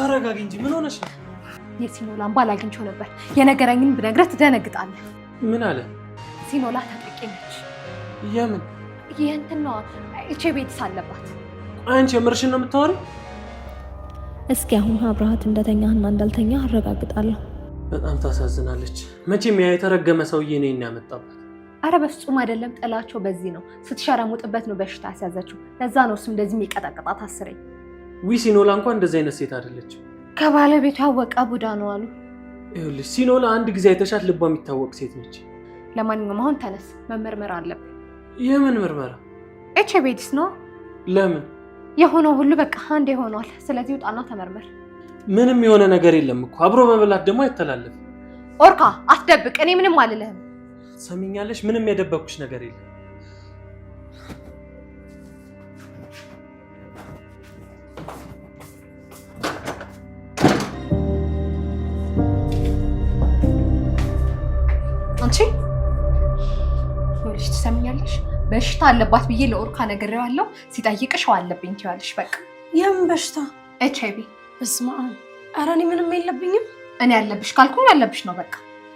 ተረጋጊ እንጂ ምን ሆነሽ ነው? የሲኖላን ባል አግኝቼው ነበር። የነገረኝን ብነግረህ ትደነግጣለህ። ምን አለ? ሲኖላ ታጠቂ ነች። የምን ይህንትና እቼ ቤትስ አለባት። አንቺ የምርሽን ነው የምታወሪው? እስኪ አሁን አብረሃት እንደተኛህና እንዳልተኛ አረጋግጣለሁ። በጣም ታሳዝናለች። መቼም ያ የተረገመ ሰውዬ ነው የሚያመጣባት። አረ በፍጹም አይደለም። ጥላቸው በዚህ ነው ስትሸረሙጥበት ነው በሽታ ያስያዘችው። ለዛ ነው እሱ እንደዚህ የሚቀጠቅጣት አስረኝ ሲኖላ እንኳን እንደዚህ አይነት ሴት አይደለችም። ከባለቤቷ ወቃ ቡዳ ነው አሉ። ይኸውልሽ ሲኖላ አንድ ጊዜ አይተሻት ልቧ የሚታወቅ ሴት ነች። ለማንኛውም አሁን ተነስ፣ መመርመር አለብን። የምን ምርመራ? ኤች አይ ቪ ኤድስ ነው። ለምን? የሆነው ሁሉ በቃ አንዴ ሆኗል። ስለዚህ ውጣና ተመርመር። ምንም የሆነ ነገር የለም እኮ አብሮ በመብላት ደግሞ አይተላለፍም። ኦርካ አስደብቅ እኔ ምንም አልልህም። ሰሚኛለሽ? ምንም የደበኩሽ ነገር የለም በሽታ አለባት ብዬ ለኦርካ ነግሬዋለሁ። ሲጠይቅሽ ሸው አለብኝ ትይዋለሽ። በቃ የምን በሽታ? ኤች አይቪ። በስመ አብ። ኧረ እኔ ምንም የለብኝም። እኔ ያለብሽ ካልኩኝ ያለብሽ ነው። በቃ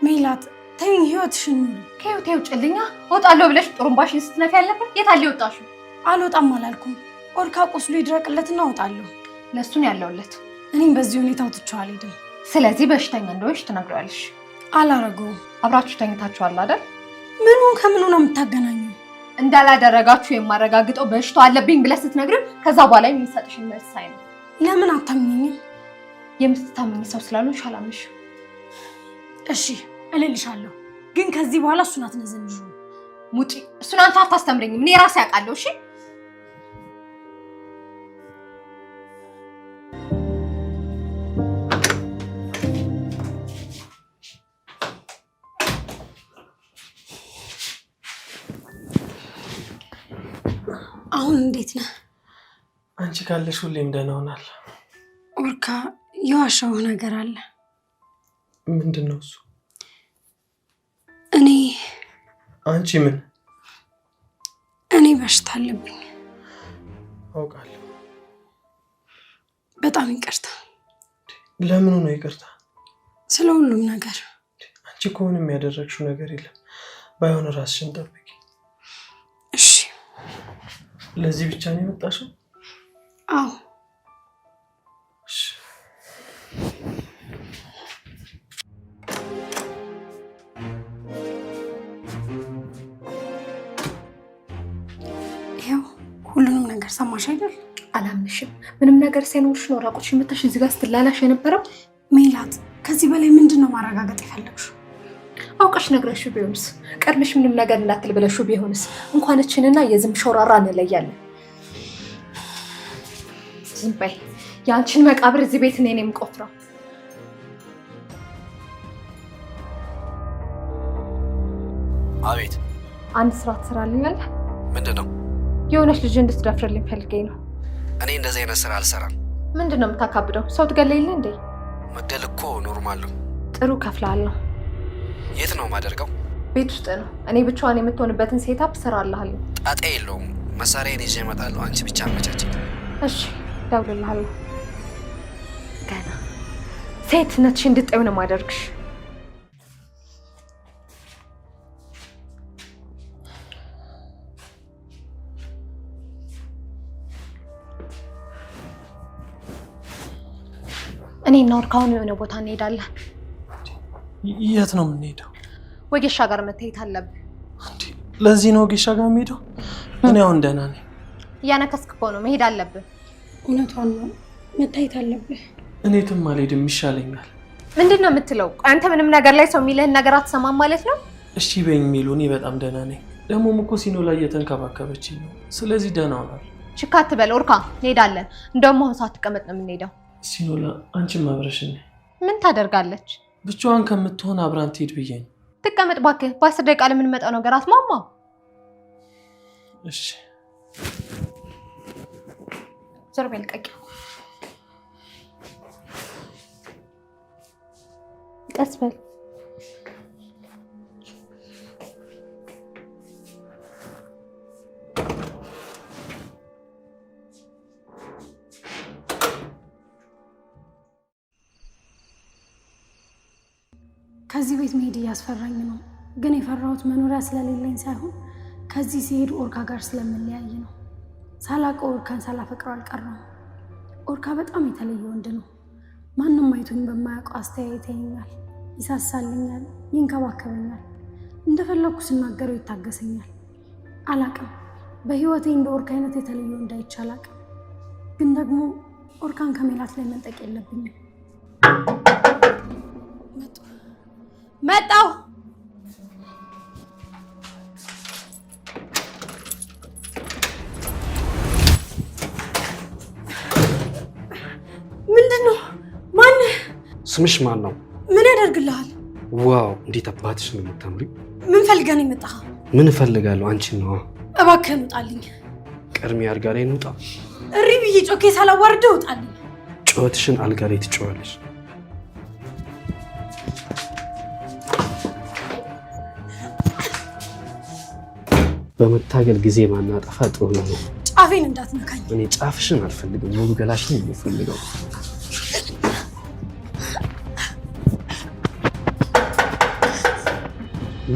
ሜላት ተይኝ፣ ህይወትሽን ከህይወቴ ውጭልኛ። እወጣለሁ ብለሽ ጥሩምባሽን ስትነፊ ያለብን የታለ የወጣሹ? አልወጣም አላልኩም። ኦርካ ቁስሉ ይድረቅለትና እወጣለሁ። ለእሱን ያለውለት እኔም በዚህ ሁኔታ ውትቼው አልሄድም። ስለዚህ በሽተኛ እንደሆንሽ ትነግሪዋለሽ። አላረገውም። አብራችሁ ተኝታችኋል አይደል? ምኑን ከምኑ ነው የምታገናኙ? እንዳላደረጋችሁ የማረጋግጠው በሽታ አለብኝ ብለህ ስትነግር ከዛ በኋላ የሚሰጥሽ መልስ ሳይ ነው። ለምን አታምኝኝም? የምትታምኝ ሰው ስላልሆንሽ አላምንሽ። እሺ እልልሻለሁ፣ ግን ከዚህ በኋላ እሱን አትነዘንዥ ሙጪ፣ እሱን አንተ አታስተምረኝም፣ እኔ ራሴ አውቃለሁ። እሺ አሁን እንዴት ነህ? አንቺ ካለሽ ሁሌም ደህና ሆናለሁ። ኦርካ የዋሻው ነገር አለ። ምንድን ነው እሱ? እኔ አንቺ ምን? እኔ በሽታ አለብኝ። አውቃለሁ። በጣም ይቅርታ። ለምኑ ነው ይቅርታ? ስለ ሁሉም ነገር። አንቺ ከሆነ የሚያደረግሽው ነገር የለም። ባይሆን ራስሽን ጠብቂ። ለዚህ ብቻ ነው የመጣሽው? አዎ። ይኸው ሁሉንም ነገር ሰማሽ አይደል? አላምንሽም። ምንም ነገር ሳይኖርሽ ነው ራቆትሽ መታሽ እዚህ ጋር ስትላላሽ የነበረው ሜላት። ከዚህ በላይ ምንድን ነው ማረጋገጥ የፈለግሽው? አውቀሽ ነግረሽ ቢሆንስ? ቀድመሽ ምንም ነገር እንዳትል ብለሽ ቢሆንስ? እችንና የዝም ሾራራ እንለያለን። ዝም በይ። የአንቺን መቃብር እዚህ ቤት እኔ የምቆፍረው። አቤት። አንድ ስራ ትሰራልኛለህ? ምንድን ነው? የሆነች ልጅ እንድትደፍርልኝ ፈልገኝ ነው። እኔ እንደዚህ አይነት ስራ አልሰራም። ምንድን ነው የምታካብደው? ሰው ትገለይልን እንዴ? መግደል እኮ ኖርማል ነው። ጥሩ ከፍላለሁ። የት ነው ማደርገው? ቤት ውስጥ ነው። እኔ ብቻዋን የምትሆንበትን ሴታፕ ስራ አለሃል። ጣጣ የለውም። መሳሪያን ይዤ እመጣለሁ። አንቺ ብቻ አመቻች። እሺ እደውልልሃለሁ። ገና ሴትነትሽ እንድጠዩ ነው ማደርግሽ። እኔ እና ወርካሁን የሆነ ቦታ እንሄዳለን። የት ነው የምንሄደው? ወጌሻ ጋር መታየት አለብህ? ለዚህ ነው ወጌሻ ጋር የምሄደው? እኔ አሁን ደህና ነኝ። እያነከስክ እኮ ነው። መሄድ አለብን። እውነቷን ነው፣ መታየት አለብህ። እኔ የትም አልሄድም ይሻለኛል። ምንድን ነው የምትለው? አንተ ምንም ነገር ላይ ሰው የሚልህን ነገር አትሰማም ማለት ነው? እሺ በኝ የሚሉ እኔ በጣም ደህና ነኝ። ደግሞም እኮ ሲኖ ላይ እየተንከባከበችኝ ነው። ስለዚህ ደህና ሆናል። ችካ አትበል ኦርካ፣ እንሄዳለን። እንደውም አሁን ትቀመጥ ነው የምንሄደው። ሲኖላ አንቺም አብረሽኝ። ምን ታደርጋለች? ብቻዋን ከምትሆን አብራን ትሄድ ብዬ ነው። ትቀመጥ እባክህ፣ በአስር ደቂቃ ለምንመጣው ነገር አትሟሟ። እሺ ዞር በይ ልቀቂ። ቀስ በል ከዚህ ቤት መሄድ እያስፈራኝ ነው። ግን የፈራሁት መኖሪያ ስለሌለኝ ሳይሆን ከዚህ ሲሄድ ኦርካ ጋር ስለምለያይ ነው። ሳላቀው ኦርካን ሳላፈቅረው አልቀረም። ኦርካ በጣም የተለየ ወንድ ነው። ማንም አይቶኝ በማያውቀው አስተያየት ያየኛል፣ ይሳሳልኛል፣ ይንከባከበኛል፣ እንደፈለግኩ ስናገረው ይታገሰኛል። አላቅም በህይወቴ እንደ ኦርካ አይነት የተለየ ወንድ አይቼ አላቅም። ግን ደግሞ ኦርካን ከሜላት ላይ መንጠቅ የለብኝም። መጣሁ። ምንድን ነው? ማን ስምሽ? ማን ነው? ምን ያደርግልሃል? ዋው! እንዴት አባትሽ ነው የምታምሪ። ምን ፈልገህ ነው ምን እፈልጋለሁ? አንቺን ነዋ። እባክህ ውጣልኝ። ቅድሚያ አልጋ ላይ እንውጣ። እሪ ብዬ ጮኬ ሳላዋርደህ እውጣልኝ። ጩኸትሽን አልጋ ላይ ትጮዋለሽ። በመታገል ጊዜ ማናጠፋ ጥሩ ነው። ጫፌን እንዳትነካኝ። እኔ ጫፍሽን አልፈልግም፣ ሙሉ ገላሽን የሚፈልገው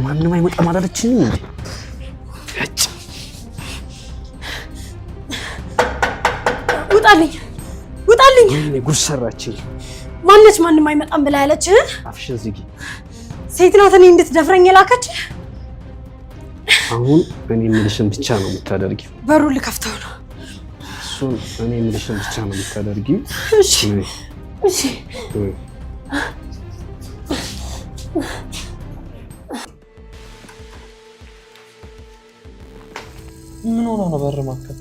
ማንም አይመጣ አላለችኝም እንዴ? ውጣልኝ! ውጣልኝ! ጉድ ሰራችኝ። ማነች? ማንም አይመጣም ብላ ያለች? አፍሽን ዝጊ። ሴት ናት እኔ እንድትደፍረኝ የላከችህ አሁን እኔ የምልሽን ብቻ ነው የምታደርጊ። በሩ ልከፍተው ነው። እሱን እኔ የምልሽን ብቻ ነው የምታደርጊው። ምን ሆኖ ነው በር ማከል?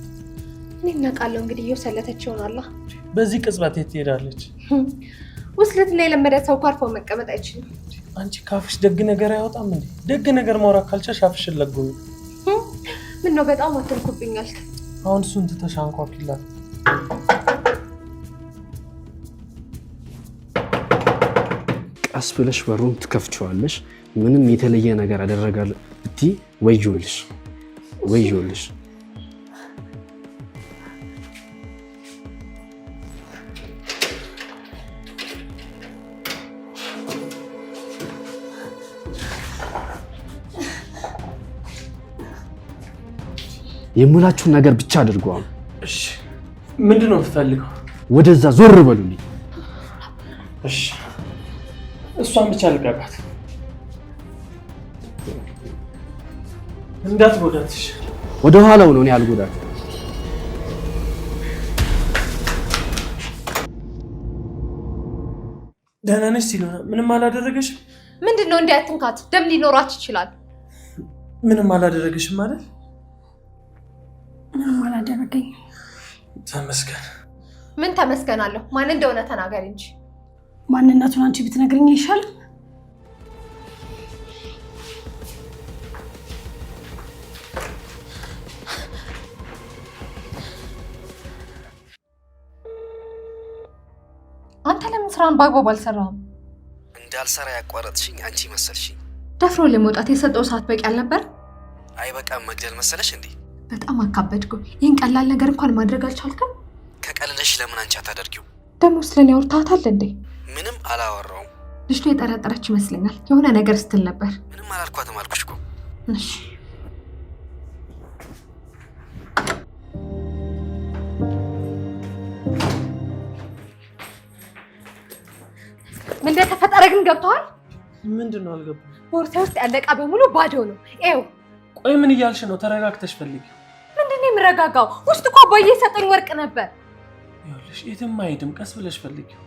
እኔ እናቃለው። እንግዲህ እየወሰለተች ይሆናላ። በዚህ ቅጽበት የት ትሄዳለች? ውስልትና የለመደ ሰው አርፎ መቀመጥ አይችልም። አንቺ ካፍሽ ደግ ነገር አይወጣም እንዴ? ደግ ነገር ማውራት ካልቻሽ አፍሽ ለጎኝ። ምን ነው በጣም አትልኩብኛል። አሁን እሱን ትተሽ አንኳኩላት። ቀስ ብለሽ በሩን ትከፍቸዋለሽ። ምንም የተለየ ነገር አደረጋል ብቲ ወይ ይውልሽ ወይ ይውልሽ የምላችሁን ነገር ብቻ አድርገዋል። እሺ፣ ምንድን ነው የምትፈልገው? ወደዛ ዞር በሉልኝ። እሺ፣ እሷን ብቻ ልቀቃት፣ እንዳትጎዳት። ወደ ኋላው ነው እኔ አልጎዳት ደህና ነሽ ሲሉ ምንም አላደረገሽም። ምንድን ነው እንዲህ አትንካት፣ ደም ሊኖራት ይችላል። ምንም አላደረገሽም ማለት አደረገኝ። ተመስገን። ምን ተመስገን አለሁ? ማን እንደሆነ ተናገር እንጂ። ማንነቱን አንቺ ብትነግርኝ ይሻል? አንተ ለምን ስራን በአግባቡ አልሰራህም? እንዳልሰራ ያቋረጥሽኝ አንቺ መሰልሽኝ። ደፍሮ ለመውጣት የሰጠው ሰዓት በቂ አልነበር? አይበቃም መግደል መሰለሽ እንዴ? በጣም አካበድኩ። ይህን ቀላል ነገር እንኳን ማድረግ አልቻልክም። ከቀልለሽ ለምን አንቺ አታደርጊው? ደግሞ ስለኔ አውርታታል እንዴ? ምንም አላወራውም። ልጅቷ የጠረጠረች ይመስለኛል። የሆነ ነገር ስትል ነበር። ምንም አላልኳትም አልኩሽ እኮ። እሺ ምን እንደተፈጠረ ግን ገብተዋል? ምንድን ነው አልገባም። ቦርሳ ውስጥ ያለቃ በሙሉ ባዶ ነው። ይኸው ቆይ ምን እያልሽ ነው? ተረጋግተሽ ፈልጊ የምረጋጋው? ውስጥ እኮ አባዬ ሰጠኝ ወርቅ ነበር። ይኸውልሽ፣ የትም አይሄድም። ቀስ ብለሽ ፈልጊው።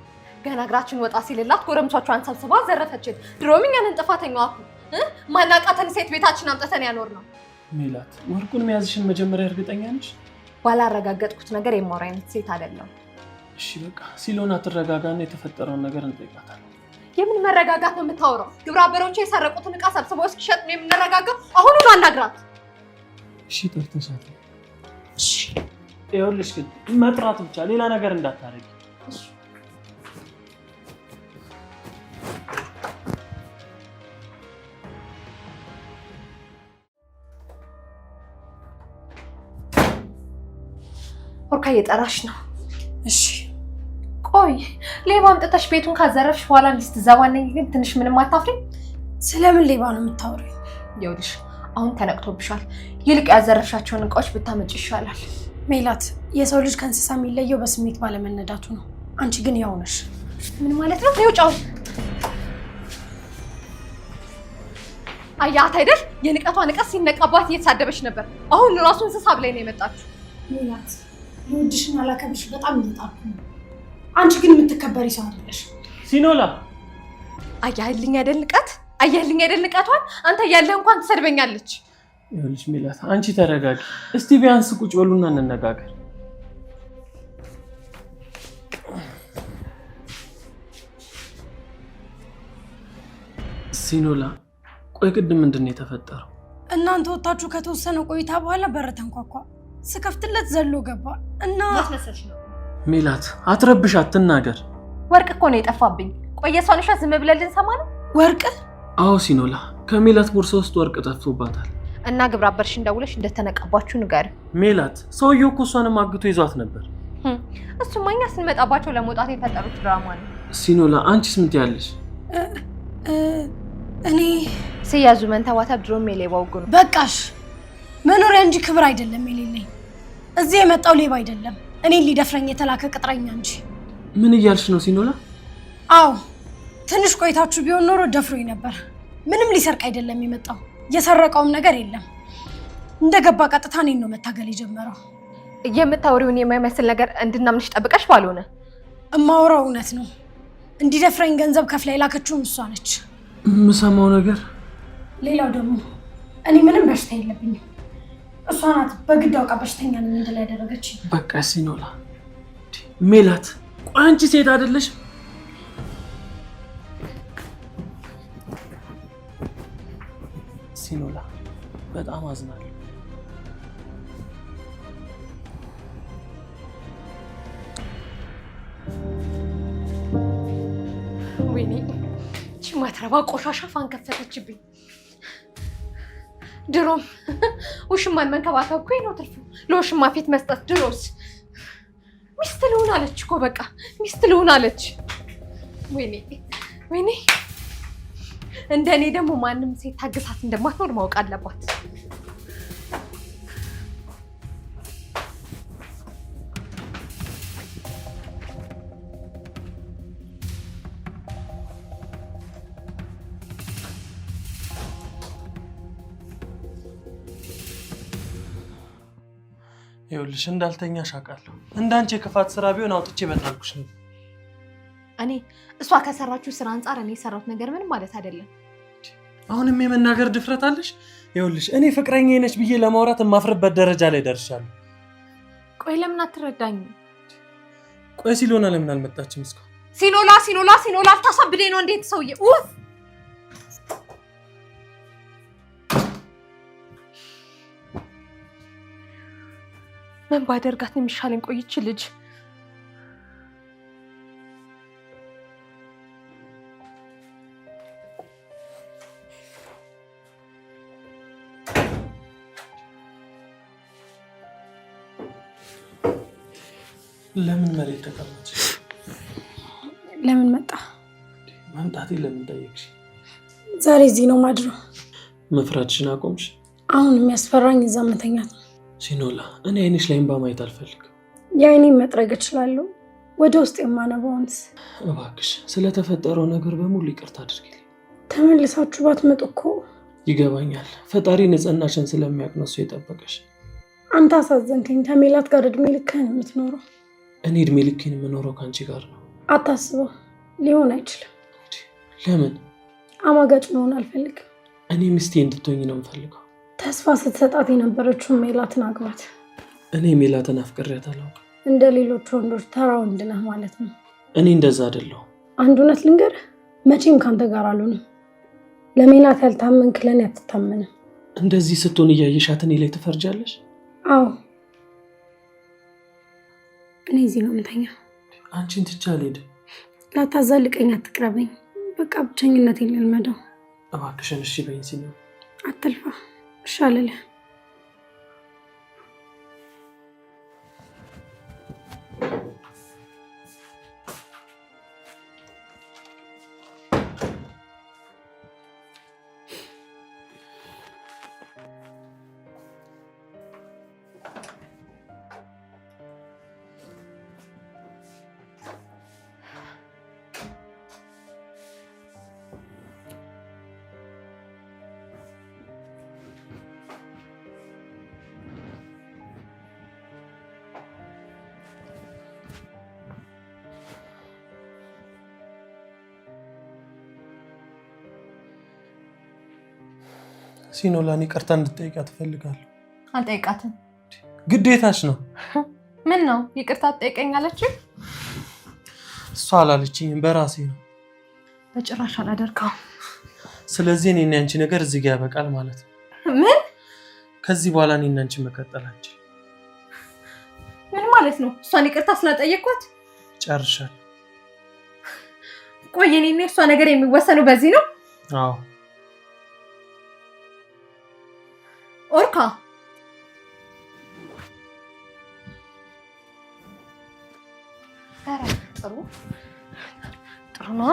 ገና እግራችን ወጣ ሲልላት ጎረምሶቿን ሰብስባ ዘረፈችን። ድሮም እኛንን ጥፋተኛ አኩ ማናቃተን ሴት ቤታችን አምጥተን ያኖር ነው ሚላት። ወርቁን መያዝሽን መጀመሪያ እርግጠኛ ነሽ? ባላረጋገጥኩት ነገር የማወራ አይነት ሴት አይደለም። እሺ በቃ ሲሎን አትረጋጋና የተፈጠረውን ነገር እንጠይቃታለን። የምን መረጋጋት ነው የምታወራው? ግብረ አበሮቼ የሰረቁትን እቃ ሰብስበው እስኪሸጥ ነው የምንረጋጋው? አሁኑን አናግራት። እሺ ጠርተሻት ይኸውልሽ ግን መጥራት ብቻ ሌላ ነገር እንዳታደርጊ። ወርካ እየጠራሽ ነው። እሺ ቆይ ሌባ አምጥተሽ ቤቱን ካዘረፍሽ በኋላ እንዲስትዛባነኝ ግን ትንሽ ምንም አታፍሪ? ስለምን ሌባ ነው የምታወሪው? ይኸውልሽ አሁን ተነቅቶብሻል። ይልቅ ያዘረሻቸውን እቃዎች ብታመጭ ይሻላል። ሜላት፣ የሰው ልጅ ከእንስሳ የሚለየው በስሜት ባለመነዳቱ ነው። አንቺ ግን ያው ነሽ። ምን ማለት ነው? ይውጫው አያት አይደል? የንቀቷ ንቀት ሲነቃባት እየተሳደበች ነበር። አሁን ራሱ እንስሳ ብላይ ነው የመጣችሁ። ሜላት፣ ልጅሽን አላከብሽ በጣም እየጣርኩ አንቺ ግን የምትከበሪ ሰው አይደለሽ። ሲኖላ አያልኝ አይደል? ንቀት አያልኝ አይደል ንቀቷን። አንተ እያለህ እንኳን ትሰድበኛለች። ይኸውልሽ ሚላት፣ አንቺ ተረጋጊ እስቲ ቢያንስ ቁጭ በሉና እንነጋገር። ሲኖላ፣ ቆይ ቅድም ምንድን ነው የተፈጠረው? እናንተ ወታችሁ ከተወሰነ ቆይታ በኋላ በር ተንኳኳ። ስከፍትለት ዘሎ ገባ እና ሜላት፣ አትረብሽ፣ አትናገር። ወርቅ እኮ ነው የጠፋብኝ። ቆየ ሰው ዝም ብለን ነው ወርቅ አዎ ሲኖላ፣ ከሜላት ቦርሳ ውስጥ ወርቅ ጠፍቶባታል እና ግብረ አበርሽ ደውለሽ እንደተነቀባችሁ ንገር። ሜላት፣ ሰውየው እኮ እሷንም አግቶ ይዟት ነበር። እሱማ እኛ ስንመጣባቸው ለመውጣት የፈጠሩት ድራማ ነው። ሲኖላ፣ አንቺስ ምን ትያለሽ? እኔ ስያዙ መንተባተብ ድሮም የሌባው ጉኑ። በቃሽ፣ መኖሪያ እንጂ ክብር አይደለም የሌለኝ። እዚህ የመጣው ሌባ አይደለም እኔን ሊደፍረኝ የተላከ ቅጥረኛ እንጂ። ምን እያልሽ ነው ሲኖላ? አዎ ትንሽ ቆይታችሁ ቢሆን ኖሮ ደፍሮኝ ነበር። ምንም ሊሰርቅ አይደለም የመጣው። የሰረቀውም ነገር የለም። እንደገባ ቀጥታ እኔን ነው መታገል የጀመረው። የምታወሪውን የማይመስል ነገር እንድናምንሽ ጠብቀሽ ባልሆነ እማውራው እውነት ነው። እንዲደፍረኝ ገንዘብ ከፍላ የላከችውም እሷ ነች። የምሰማው ነገር ሌላው ደግሞ እኔ ምንም በሽታ የለብኝም። እሷ ናት በግድ አውቃ በሽተኛ ነው ያደረገች። በቃ ሲኖላ ሜላት፣ ቆይ አንቺ ሴት አይደለሽም? ሲኖላ በጣም አዝናል ወይኔ እቺ ማትረባ ቆሻሻ ፋን ከፈተችብኝ። ድሮም ውሽማን መንከባከብ እኮ ነው ትርፉ፣ ለውሽማ ፊት መስጠት። ድሮስ ሚስት ልሁን አለች እኮ በቃ ሚስት ልሁን አለች። ወይኔ ወይኔ እንደ እኔ ደግሞ ማንም ሴት ታግሳት እንደማትኖር ማወቅ አለባት። ይኸውልሽ እንዳልተኛሽ አውቃለሁ። እንዳንቺ የክፋት ስራ ቢሆን አውጥቼ በጣልኩሽ ነው እኔ እሷ ከሰራችሁ ስራ አንጻር እኔ የሰራሁት ነገር ምንም ማለት አይደለም። አሁንም የመናገር ድፍረት አለሽ? ይኸውልሽ እኔ ፍቅረኛ ነች ብዬ ለማውራት የማፍርበት ደረጃ ላይ ደርሻለሁ። ቆይ ለምን አትረዳኝ? ቆይ ሲሎና ለምን አልመጣችም እስካሁን? ሲኖላ ሲኖላ ሲሎላ አታሳብደኝ ነው እንዴት ሰውዬ ምን ባደርጋት ነው የሚሻለኝ? ቆይች ልጅ ለምን መሬት ተቀመጭ? ለምን መጣ? መምጣቴ ለምን ጠየቅሽ? ዛሬ እዚህ ነው ማድረው። መፍራትሽን አቆምሽ? አሁን የሚያስፈራኝ እዛ መተኛት ነው። ሲኖላ፣ እኔ አይንሽ ላይ እንባ ማየት አልፈልግም። የአይኔን መጥረግ እችላለሁ፣ ወደ ውስጥ የማነባውንስ። እባክሽ ስለተፈጠረው ነገር በሙሉ ይቅርታ አድርጊልኝ። ተመልሳችሁ ባትመጡ እኮ ይገባኛል። ፈጣሪ ንጽህናሽን ስለሚያቅነሱ የጠበቀሽ። አንተ አሳዘንከኝ። ከሜላት ጋር እድሜ ልክህን የምትኖረው እኔ እድሜ ልኬን የምኖረው ከአንቺ ጋር ነው። አታስበው፣ ሊሆን አይችልም። ለምን? አማጋጭ መሆን አልፈልግም። እኔ ሚስቴ እንድትሆኝ ነው የምፈልገው። ተስፋ ስትሰጣት የነበረችውን ሜላትን አግባት። እኔ ሜላትን አፍቅሬያት አላውቅም። እንደ ሌሎች ወንዶች ተራ ወንድ ነህ ማለት ነው። እኔ እንደዛ አይደለሁ አንድ እውነት ልንገርህ፣ መቼም ከአንተ ጋር አልሆንም። ለሜላት ያልታመንክ ለእኔ አትታመንም። እንደዚህ ስትሆን እያየሻት እኔ ላይ ትፈርጃለሽ? አዎ እኔ እዚህ ነው ምተኛ። አንቺን ትቼ አልሄድም። ላታዛልቀኝ አትቅረበኝ። በቃ ብቸኝነት የለመደው እባክሽን። እሺ በይኝ ሲኒ አትልፋ እሻለልህ ሲኖላን ይቅርታ እንድጠይቃት ትፈልጋለሁ አልጠይቃትም፣ ግዴታች ነው። ምን ነው ይቅርታ አለች? እሷ አላለችኝም፣ በራሴ ነው። በጭራሽ አላደርገውም። ስለዚህ እኔ አንቺ ነገር እዚህ ጋር ያበቃል ማለት ነው። ምን? ከዚህ በኋላ ኔ አንቺ መቀጠል አንችል። ምን ማለት ነው? እሷን ይቅርታ ስላጠየቅኳት ጨርሻል። ቆይ እሷ ነገር የሚወሰነው በዚህ ነው? አዎ Orka. ጥሩ ጥሩ ነው።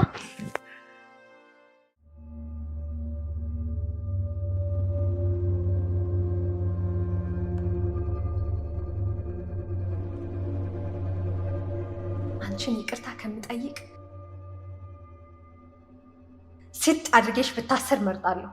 አንቺን ይቅርታ ከምጠይቅ ሲጥ አድርጌሽ ብታሰር መርጣለሁ።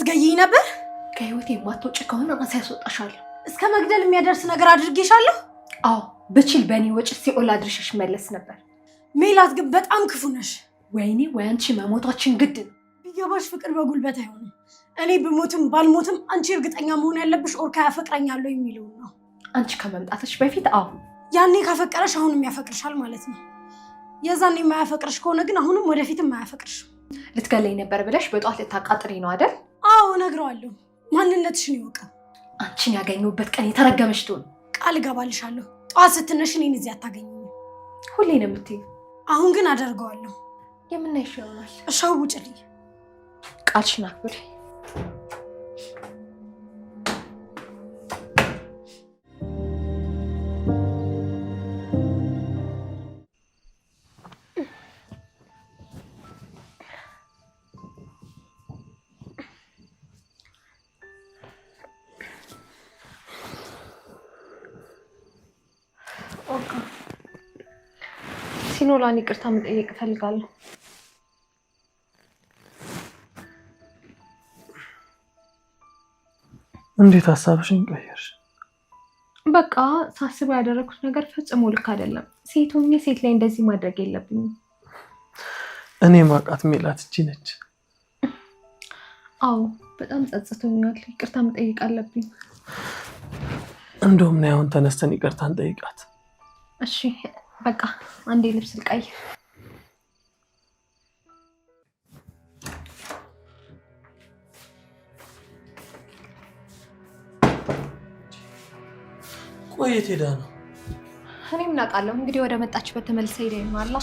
ልትገይኝ ነበር? ከህይወቴ የማትወጪ ከሆነ ራሴ ያስወጣሻለሁ። እስከ መግደል የሚያደርስ ነገር አድርጌሻለሁ። አዎ ብችል በእኔ ወጪ ሲኦል አድርሸሽ መለስ ነበር። ሜላት ግን በጣም ክፉ ነሽ። ወይኔ ወይ አንቺ መሞታችን ግድ ነው። ቢገባሽ ፍቅር በጉልበት አይሆንም። እኔ ብሞትም ባልሞትም አንቺ እርግጠኛ መሆን ያለብሽ ኦርካ ያፈቅረኛለሁ የሚለውን ነው። አንቺ ከመምጣትሽ በፊት አሁን ያኔ ካፈቀረሽ አሁንም ያፈቅርሻል ማለት ነው። የዛኔ የማያፈቅርሽ ከሆነ ግን አሁንም ወደፊትም አያፈቅርሽ። ልትገለኝ ነበር ብለሽ በጠዋት ልታቃጥሪ ነው አይደል? አዎ እነግረዋለሁ። ማንነትሽን ይወቀ። አንቺን ያገኘሁበት ቀን የተረገመሽ ትሆን። ቃል እገባልሻለሁ ጠዋት ስትነሽ እኔን እዚህ አታገኝም። ሁሌ ነው የምትይው። አሁን ግን አደርገዋለሁ። የምናይሽ ይሆናል። እሻው ውጭልኝ። ቃልሽን አክብሬ ኖላን ይቅርታ መጠየቅ እፈልጋለሁ። እንዴት ሀሳብሽን ቀየርሽ? በቃ ሳስበው ያደረግኩት ነገር ፈጽሞ ልክ አይደለም። ሴት ሆኜ ሴት ላይ እንደዚህ ማድረግ የለብኝም። እኔ ማውቃት ሜላት እቺ ነች። አዎ በጣም ጸጽቶኛል። ይቅርታ መጠየቅ አለብኝ። እንደውም ና አሁን ተነስተን ይቅርታን ጠይቃት። እሺ በቃ አንዴ ልብስ ልቀይር። ቆይ የት ሄዳ ነው? እኔ ምን አውቃለሁ። እንግዲህ ወደ መጣችበት ተመልሰ ሄደ ነው አላ።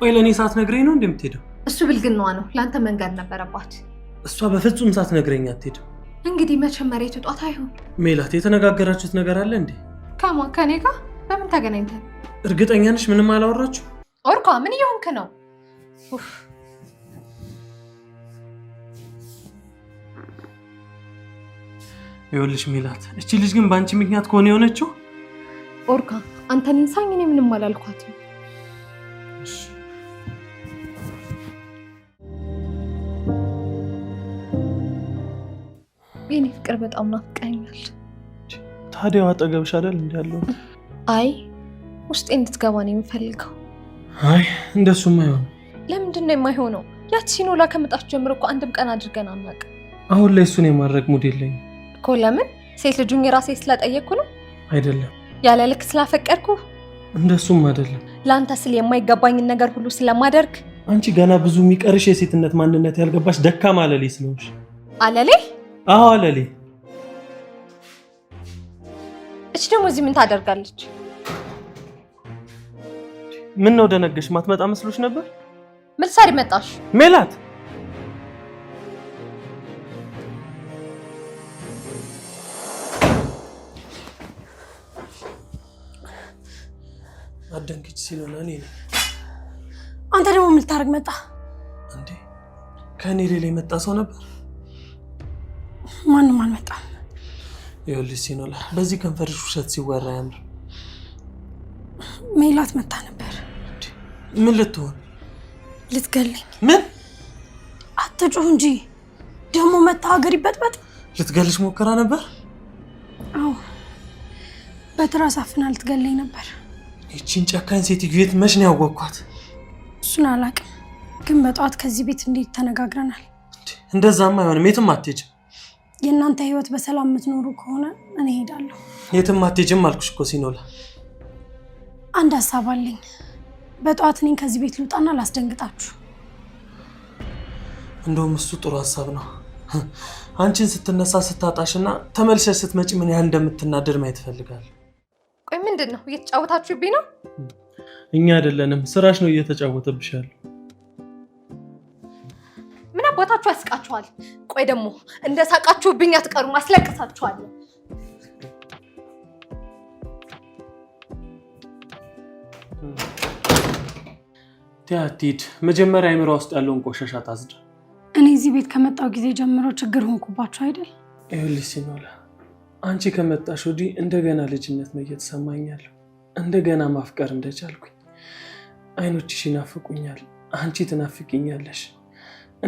ቆይ ለእኔ ነግረኝ ነው እንደምትሄደው? እሱ ብልግናዋ ነው። ለአንተ መንገድ ነበረባት። እሷ በፍጹም ነግረኝ አትሄድም። እንግዲህ መቼም መሬቱ ጧት አይሆን። ሜላት የተነጋገራችሁት ነገር አለ እንዴ? ከማ ከኔ ጋር በምን ተገናኝተን እርግጠኛ ነሽ? ምንም አላወራችሁ? ኦርኳ ምን እየሆንክ ነው? ይኸውልሽ ሚላት፣ እቺ ልጅ ግን በአንቺ ምክንያት ከሆነ የሆነችው። ኦርካ አንተን እንሳኝ፣ እኔ ምንም አላልኳትም። የኔ ፍቅር በጣም ናፍቀኛል። ታዲያው አጠገብሽ አይደል እንዲ አይ ውስጤ እንድትገባ ነው የምፈልገው። አይ እንደሱም አይሆን። ለምንድን ነው የማይሆነው? ያቺ ሲኖላ ከመጣች ጀምሮ እኮ አንድም ቀን አድርገን አናውቅ። አሁን ላይ እሱን የማድረግ ሙድ የለኝም እኮ። ለምን? ሴት ልጁን የራሴ ስለጠየቅኩ ነው? አይደለም። ያለ ልክ ስላፈቀድኩ? እንደሱም አይደለም። ለአንተ ስል የማይገባኝን ነገር ሁሉ ስለማደርግ። አንቺ ገና ብዙ የሚቀርሽ የሴትነት ማንነት ያልገባሽ ደካማ አለሌ ስለሆንሽ። አለሌ? አዎ አለሌ። እች ደግሞ እዚህ ምን ታደርጋለች? ምን ነው ደነገሽ? ማትመጣ መስሎች ነበር? ምልሳሪ መጣሽ። ሜላት አደንግጭ ሲኖና እኔ ነኝ። አንተ ደግሞ ምን ልታደርግ መጣ እንዴ? ከእኔ ሌላ የመጣ ሰው ነበር? ማንም አልመጣም። ይኸውልሽ ሲኖላ፣ በዚህ ከንፈርሽ ውሸት ሲወራ አያምርም። ሜላት መታ ነበር ምን ልትሆን? ልትገለኝ። ምን አትጮህ እንጂ ደግሞ መታ ሀገር ይበጥበጥ። ልትገልሽ ሞከራ ነበር? አዎ በትራስ አፍና ልትገለኝ ነበር። ይቺን ጨካኝ ሴትዮ የት መች ነው ያወቅኳት? እሱን አላውቅም፣ ግን በጠዋት ከዚህ ቤት እንዴት ተነጋግረናል። እንደዛም አይሆንም፣ የትም አትሄጂም። የእናንተ ህይወት በሰላም የምትኖሩ ከሆነ እኔ ሄዳለሁ። የትም አትሄጂም አልኩሽ እኮ ሲኖላ። አንድ ሀሳብ አለኝ። በጠዋት እኔን ከዚህ ቤት ልውጣና ላስደንግጣችሁ። እንደውም እሱ ጥሩ ሀሳብ ነው። አንቺን ስትነሳ ስታጣሽና ተመልሰሽ ስትመጪ ምን ያህል እንደምትናደድ ማየት እፈልጋለሁ። ቆይ ምንድን ነው እየተጫወታችሁብኝ ነው? እኛ አይደለንም ስራሽ ነው እየተጫወተብሻል። ምን አባታችሁ ያስቃችኋል? ቆይ ደግሞ እንደ ሳቃችሁብኝ አትቀሩም፣ አስለቅሳችኋለሁ። ቲያቲድ መጀመሪያ አይምሮ ውስጥ ያለውን ቆሻሻ ታዝዳ። እኔ እዚህ ቤት ከመጣው ጊዜ ጀምሮ ችግር ሆንኩባቸው አይደል? ይኸውልሽ ሲኖላ፣ አንቺ ከመጣሽ ወዲህ እንደገና ልጅነት ነው እየተሰማኛለሁ። እንደገና ማፍቀር እንደቻልኩኝ አይኖችሽ ይናፍቁኛል፣ አንቺ ትናፍቅኛለሽ።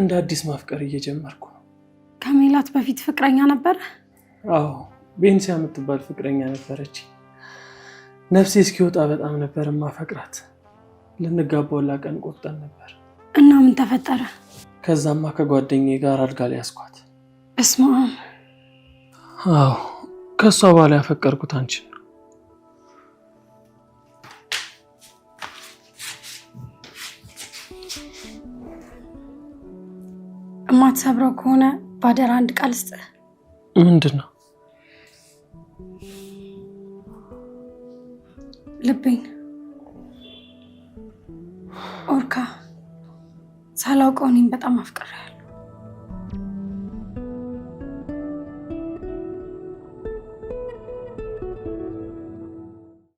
እንደ አዲስ ማፍቀር እየጀመርኩ ነው። ከሜላት በፊት ፍቅረኛ ነበረ? አዎ ቤንስ የምትባል ፍቅረኛ ነበረች። ነፍሴ እስኪወጣ በጣም ነበር ማፈቅራት። ልንጋባውላ ቀን ቆርጠን ነበር እና ምን ተፈጠረ? ከዛማ ከጓደኝ ጋር አድጋ ላይ ያስኳት። እስማ አዎ፣ ከእሷ በኋላ ያፈቀርኩት አንቺን ነው። እማትሰብረው ከሆነ ባደራ አንድ ቃል ስጥ ምንድን ነው? ልቤን ኦርካ ሳላውቀው እኔም በጣም አፍቅሬያለሁ።